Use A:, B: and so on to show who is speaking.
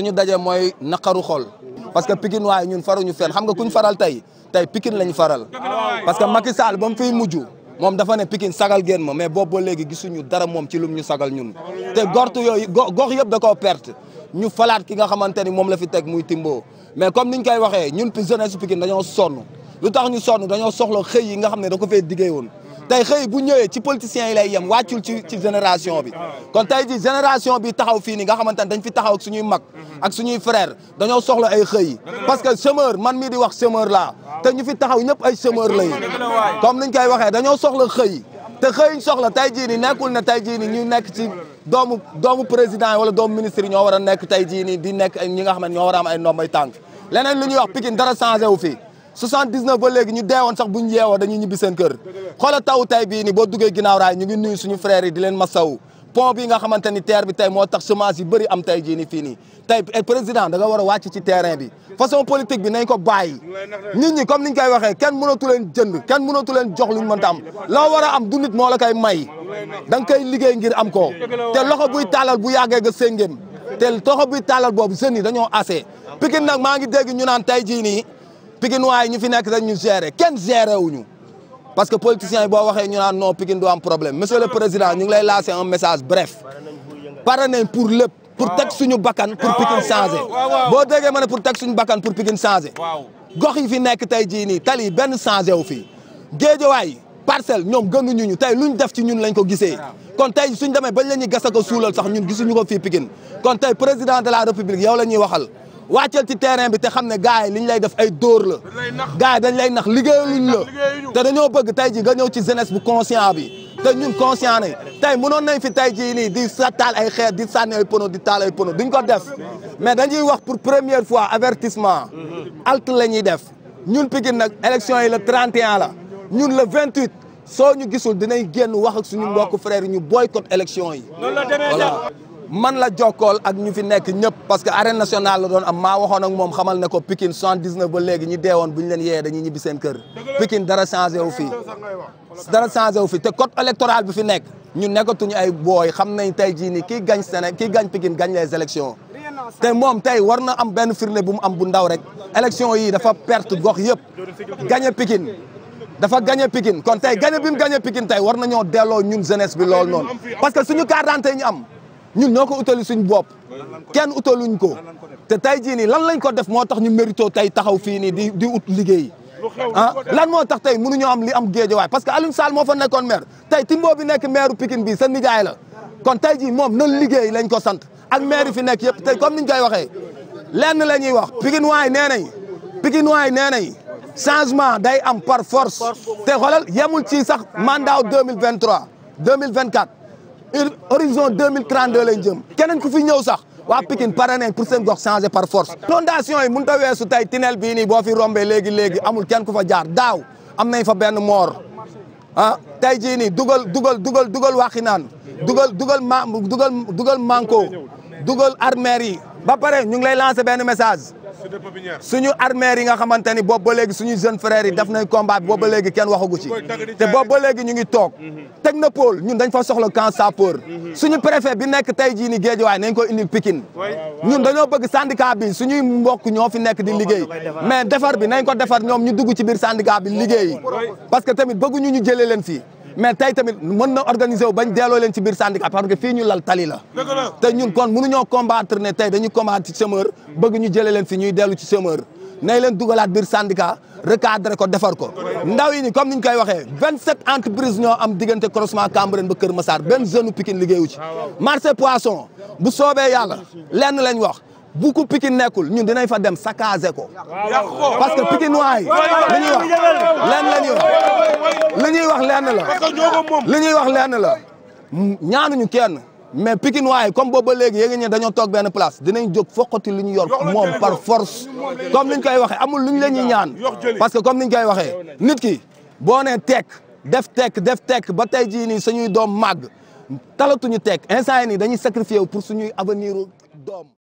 A: ñu daje mooy naqaru xol parce que Pikine waaye ñun faruñu fenn xam nga kuñ faral tey tey Pikine lañ faral parce que Macky Sall ba mu fiy mujj moom dafa ne Pikine sagal geen ma mais boobu ba léegi gisuñu dara moom ci lum ñu sagal ñun te gortu yooyu gox yëpp da koo perte ñu falaat ki nga xamante ni moom la fi teg muy Timbo mais comme ñu koy waxee ñun jeunesse Pikine dañoo son lu tax ñu sonn dañoo soxla xëy yi nga xam ne da ko fee diggee woon tey xëy bu ñëwee ci politiciens yi lay yem wàccul ci ci génération bi kon tey ji génération bi taxaw fii ni nga xamante ne dañ fi taxaw ak suñuy mag ak suñuy frère dañoo soxla ay xëy parce que chômeur man mii di wax chômeur laa te ñu fi taxaw ñëpp ay chômeur lay comme niñ koy waxee dañoo soxla xëy te xëyuñ soxla tey jii nii nekkul ne tey jii nii ñu nekk ci doomu doomu président wala doomu ministre yi ñoo war a nekk tey jii nii di nekk ñi nga xam ne ñoo war a am ay ndombay leneen lu ñuy wax Pikine dara changé wu fii 79 ba léegi ñu deewoon sax bu ñu yeewoo dañuy ñibbi seen kër xoola taw tay bii ni boo duggee ginnaaw raay ñu ngi nuyu suñu frères yi di leen masawu pont bi nga xamante ni terre bi tey moo tax semence yi bëri am tey jii ni fii nii tey eh, président da nga war a wàcc ci terrain bi façon politique bi nañ ko bàyyi nit ñi comme niñ koy waxee kenn mënatu leen jënd kenn mënatu leen jox luñ mënta am loo war a am du nit moo la koy may da nga koy liggéey ngir am ko te loxo buy taalal bu yàggee nga séngéem te loxo buy taalal boobu jeunes yi dañoo assez Pikine nag maa ngi dégg ñu naan jii nii Pikinois yi ñu fi nekk rek ñu gérer kenn gérer wuñu parce que politiciens yi boo waxee ñu naan no Pikine du am problème monsieur le président ñu ngi lay lancer un message bref pare nañ pour lépp pour teg suñu bakkan pour Pikine boo déggee ma ne pour teg suñu bakkan pour Pikine changer gox yi fi nekk tey jii nii tali benn changé wu fii waay parcelle ñoom gënuñu ñu ñu tey luñ def ci ñun lañ ko gisee kon tey suñ demee bañ ñu ñuy gas ko suulal sax ñun gisuñu ko fii Pikine kon tey président de la république yow la ñuy waxal wàccal ci terrain bi te xam ne gars li ñu lay def ay dóor la gars yi dañ lay nax liggéeyuñ la te dañoo bëgg tey ji nga ñëw ci jeunesse bu conscient bi te ñun conscient nañ tey noon nañ fi tey jii nii di taal ay xeer di sànni ay pono di taal ay pono duñ ko def mais dañuy wax pour première fois avertissement mm-hmm. alt la ñuy def ñun Pikine nag élection yi le 31 la ñun la 28 soo ñu gisul dinañ génn wax ak suñu mbokk frère yi ñu boycott élection yi man la jokkool ak ñu fi nekk ñëpp parce que arène national la doon am maa waxoon ak moom xamal ne ko Pikine soixante-dix-neuf ba léegi ñi deewoon bu ñu leen yee dañuy ñibbi seen kër Pikine dara changé wu fii dara changé wu fi te code électoral bi fi nekk ñu nekkatuñu ay booy xam nañ tey jii ni kii gañ Sénégal kii gañ Pikine gañ les élections te moom tey war na am benn firne bu mu am bu ndaw rek élection yi dafa perte gox yëpp gañe Pikine dafa gagné Pikine kon tey gagné bi mu gagné Pikine tey war nañoo delloo ñun jeunesse bi loolu noonu parce que suñu carte d'identité ñu am ñun ñoo ko utali suñ bopp kenn utaluñ ko te tey jii nii lan lañ ko def moo tax ñu mérito tey taxaw fii nii di di ut liggéey ah lan moo tax tey mënuñoo am li am géejawaay parce que Alioune saal moo fo nekkoon maire tey Timbo bi nekk maire Pikine bi sa nijaay la kon tey jii moom nan liggéey lañ ko sant ak maire fi nekk yëpp tey comme niñ koy waxee lenn la ñuy wax Pikine waay nee nañ Pikine waay nee nañ changement day am par force te xoolal yemul ci sax mille vingt 2024 horizon 2032 lañ jëm keneen ku fi ñëw sax waa Pikine pare nañ pour seen gox changer par force inondation yi mënu ta weesu tey tunnel bii nii boo fi rombee léegi léegi amul kenn ku fa jaar daaw am nañ fa benn moor ah tey jii nii dugal dugal dugal dugal Waxinaan dugal dugal ma dugal dugal manko dugal armère yi ba pare ñu ngi lay lancer benn message suñu armée yi nga xamante ni boobu ba léegi suñu jeune frères yi def nañ combat bi boobu ba kenn waxagu ci te boobu ba léegi ñu ngi toog teg mhm. na technopole ñun dañ fa soxla camp sapeur mhm. suñu préfet bi nekk tey jii ni géejuwaay nañ ko indi Pikine ñun dañoo bëgg syndicat bi suñuy mbokk ñoo fi nekk di liggéey mais defar bi nañ ko defar ñoom ñu dugg ci biir syndicat bi liggéey parce que tamit bëgguñu ñu jëlee leen fi mais tey tamit mën na organiser wu bañ delloo leen ci biir syndicat parce que fii ñu lal tali la te ñun kon mënuñoo combattre ne tey dañu combattre chômeur bëgg ñu jëlee leen fi ñuy dellu ci chômeur nay leen dugalaat biir syndicat recadré ko defar ko ndaw yi ni comme niñ koy waxee vingt sept entreprise ñoo am diggante croisement Cambérène ba Kër Massar benn jeune u Pikine liggéeyu ci ah, marché poisson bu soobee yàlla lenn lañ wax bu ko Pikine nekkul ñun dinañ fa dem saccager ko parce que Pikinois yi li ñuy wax lenn la ñuy wax li ñuy wax lenn la li ñuy wax lenn la ñaanuñu kenn mais Pikinois waay comme boobu ba léegi yéen ngi dañoo toog benn place dinañ jóg foqati li ñu yor moom par force comme niñ koy waxee amul lu ñu leen ñuy ñaan parce que comme niñ koy waxee nit ki boo nee tekk def tekk def tekk ba tey jii nii suñuy doom màgg talatuñu tekk instant yi nii dañuy sacrifier wu pour suñuy avenir doom